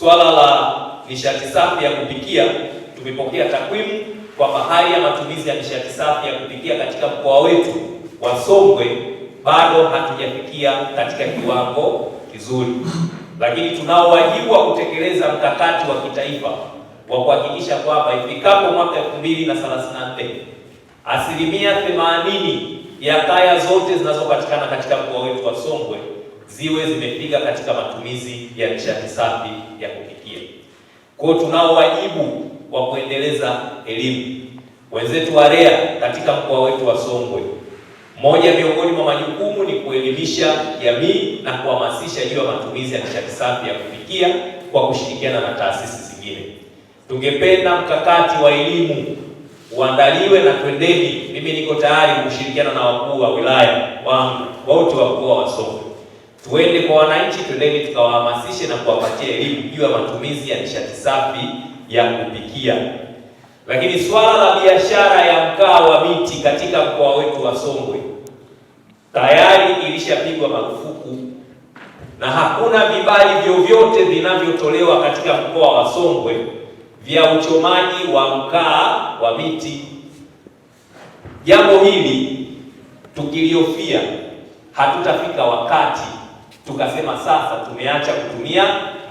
Swala la nishati safi ya kupikia, tumepokea takwimu kwamba hali ya matumizi ya nishati safi ya kupikia katika mkoa wetu wa Songwe bado hatujafikia katika kiwango kizuri, lakini tunao wajibu wa kutekeleza mkakati wa kitaifa wa kuhakikisha kwamba ifikapo mwaka 2034 asilimia 80 ya kaya zote zinazopatikana katika mkoa wetu wa Songwe ziwe zimepiga katika matumizi ya nishati safi ya kupikia. Kwa hiyo tunao wajibu wa kuendeleza elimu. Wenzetu wa REA katika mkoa wetu wa Songwe, moja miongoni mwa majukumu ni kuelimisha jamii na kuhamasisha juu ya matumizi ya nishati safi ya kupikia kwa kushirikiana na taasisi zingine. Tungependa mkakati wa elimu uandaliwe na twendeni, mimi niko tayari kushirikiana na wakuu wa wilaya wangu wote, mkoa wa Songwe Tuende kwa wananchi, twendeni tukawahamasishe na kuwapatia elimu juu ya matumizi ya nishati safi ya kupikia. Lakini swala la biashara ya mkaa wa miti katika mkoa wetu wa Songwe tayari ilishapigwa marufuku na hakuna vibali vyovyote vinavyotolewa katika mkoa wa Songwe vya uchomaji wa mkaa wa miti. Jambo hili tukiliofia hatutafika wakati Tukasema sasa tumeacha kutumia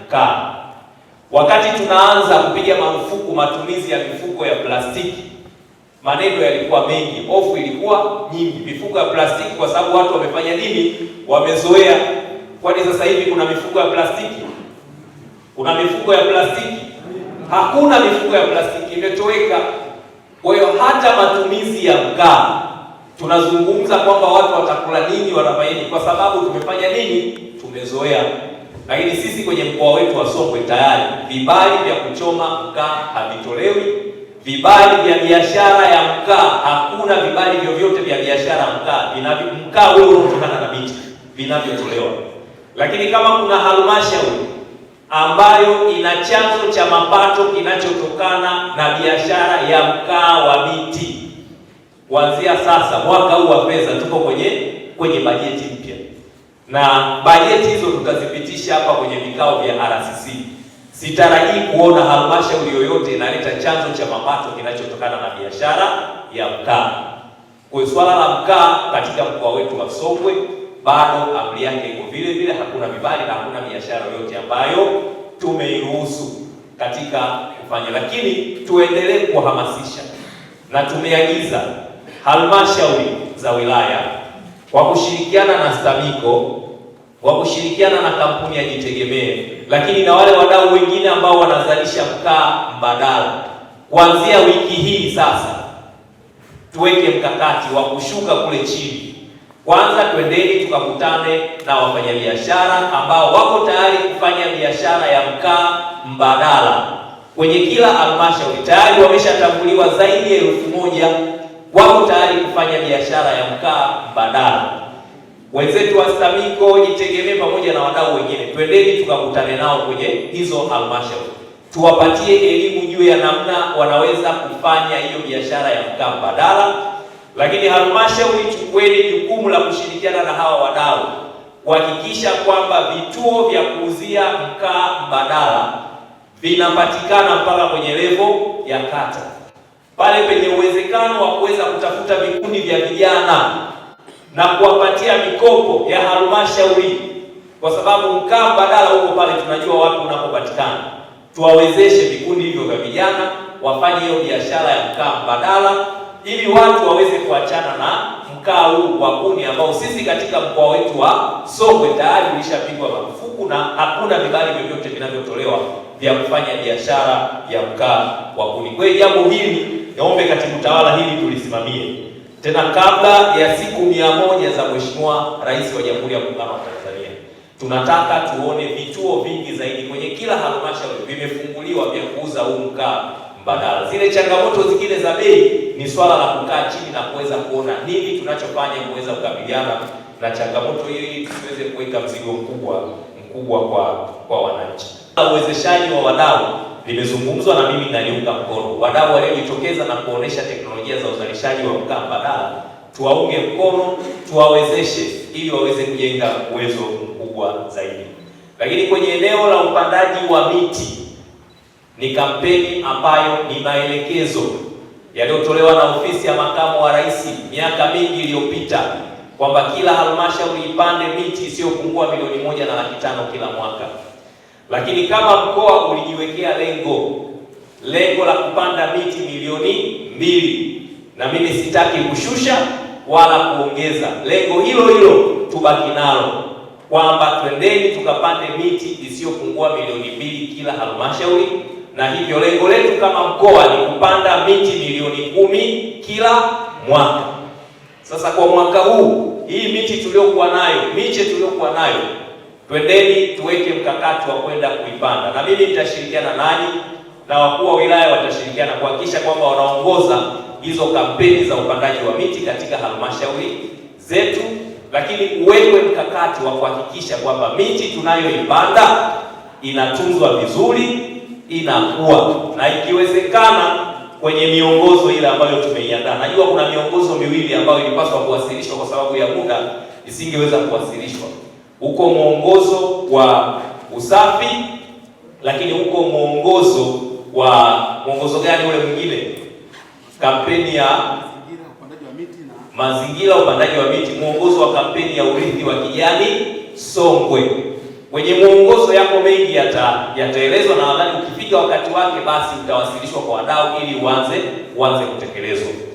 mkaa. Wakati tunaanza kupiga marufuku matumizi ya mifuko ya plastiki, maneno yalikuwa mengi, hofu ilikuwa nyingi. Mifuko ya plastiki, kwa sababu watu wamefanya nini? Wamezoea. Kwani sasa hivi kuna mifuko ya plastiki? Kuna mifuko ya plastiki? Hakuna mifuko ya plastiki, imetoweka. Kwa hiyo hata matumizi ya mkaa tunazungumza kwamba watu watakula nini, watafanya kwa sababu tumefanya nini? Tumezoea. Lakini sisi kwenye mkoa wetu wa Songwe tayari vibali vya kuchoma mkaa havitolewi, vibali vya biashara ya mkaa hakuna, vibali vyovyote vya biashara mkaa vinavyo mkaa wewe unaotokana na miti vinavyotolewa. Lakini kama kuna halmashauri ambayo ina chanzo cha mapato kinachotokana na biashara ya mkaa wa miti kuanzia sasa mwaka huu wa fedha tuko kwenye kwenye bajeti mpya, na bajeti hizo tutazipitisha hapa kwenye vikao vya RCC. Sitarajii kuona halmashauri yoyote inaleta chanzo cha mapato kinachotokana na biashara ya mkaa. Kwa swala la mkaa katika mkoa wetu wa Songwe bado amri yake iko vile vile, hakuna vibali na hakuna biashara yoyote ambayo tumeiruhusu katika kufanya, lakini tuendelee kuhamasisha na tumeagiza halmashauri za wilaya kwa kushirikiana na stamiko kwa kushirikiana na kampuni ya Jitegemee, lakini na wale wadau wengine ambao wanazalisha mkaa mbadala, kuanzia wiki hii sasa tuweke mkakati wa kushuka kule chini. Kwanza twendeni tukakutane na wafanyabiashara ambao wako tayari kufanya biashara ya mkaa mbadala kwenye kila halmashauri. Tayari wameshatambuliwa zaidi ya elfu moja wako tayari kufanya biashara ya mkaa mbadala. Wenzetu wa stamiko jitegemee pamoja na wadau wengine, twendeni tukakutane nao kwenye hizo halmashauri, tuwapatie elimu juu ya namna wanaweza kufanya hiyo biashara ya mkaa mbadala. Lakini halmashauri, chukueni jukumu la kushirikiana na hawa wadau kuhakikisha kwamba vituo vya kuuzia mkaa mbadala vinapatikana mpaka kwenye levo ya kata pale penye uwezekano wa kuweza kutafuta vikundi vya vijana na kuwapatia mikopo ya halmashauri, kwa sababu mkaa mbadala huko pale tunajua watu unapopatikana. Tuwawezeshe vikundi hivyo vya vijana wafanye hiyo biashara ya mkaa mbadala, ili watu waweze kuachana na mkaa huu wa kuni ambao sisi katika mkoa wetu wa Songwe tayari ulishapigwa marufuku na hakuna vibali vyovyote vinavyotolewa vya kufanya biashara ya mkaa wa kuni. Kwa hiyo jambo hili niombe katibu tawala hili tulisimamie tena kabla ya siku mia moja za Mheshimiwa Rais wa Jamhuri ya Muungano wa Tanzania. Tunataka tuone vituo vingi zaidi kwenye kila halmashauri vimefunguliwa vya kuuza huu mkaa mbadala. Zile changamoto zingine za bei ni swala la kukaa chini na kuweza kuona nini tunachofanya kuweza kukabiliana na changamoto hiyo, ili tusiweze kuweka mzigo mkubwa mkubwa kwa kwa wananchi. Uwezeshaji wa wadau limezungumzwa na mimi naliunga mkono. Wadau waliojitokeza na kuonesha teknolojia za uzalishaji wa mkaa mbadala tuwaunge mkono, tuwawezeshe ili waweze kujenga uwezo mkubwa zaidi. Lakini kwenye eneo la upandaji wa miti ni kampeni ambayo ni maelekezo yaliyotolewa na ofisi ya makamu wa rais miaka mingi iliyopita kwamba kila halmashauri ipande miti isiyopungua milioni moja na laki tano kila mwaka. Lakini kama mkoa ulijiwekea lengo lengo la kupanda miti milioni mbili, na mimi sitaki kushusha wala kuongeza lengo hilo hilo, tubaki nalo kwamba twendeni tukapande miti isiyopungua milioni mbili kila halmashauri, na hivyo lengo letu kama mkoa ni kupanda miti milioni kumi kila mwaka. Sasa kwa mwaka huu hii miti tuliyokuwa nayo miche tuliyokuwa nayo Twendeni tuweke mkakati wa kwenda kuipanda, na mimi nitashirikiana nanyi na wakuu wa wilaya watashirikiana kuhakikisha kwamba wanaongoza hizo kampeni za upandaji wa miti katika halmashauri zetu, lakini uwekwe mkakati wa kuhakikisha kwamba miti tunayoipanda inatunzwa vizuri, inakuwa na ikiwezekana kwenye miongozo ile ambayo tumeiandaa. Najua kuna miongozo miwili ambayo ilipaswa kuwasilishwa, kwa sababu ya muda isingeweza kuwasilishwa uko mwongozo wa usafi, lakini uko mwongozo wa mwongozo gani ule mwingine, kampeni ya mazingira, upandaji wa miti, mwongozo wa kampeni ya urithi wa kijani Songwe. Kwenye mwongozo yako mengi yataelezwa, na nadhani ukifika wakati wake, basi utawasilishwa kwa wadau ili uanze uanze kutekelezwa.